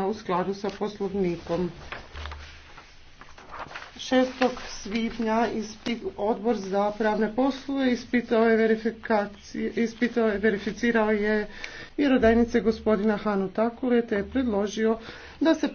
u skladu sa poslovnikom. 6. svibnja odbor za pravne poslove ispitao je, ispitao je verificirao je vjerodajnice gospodina Hanu Takule te je predložio da se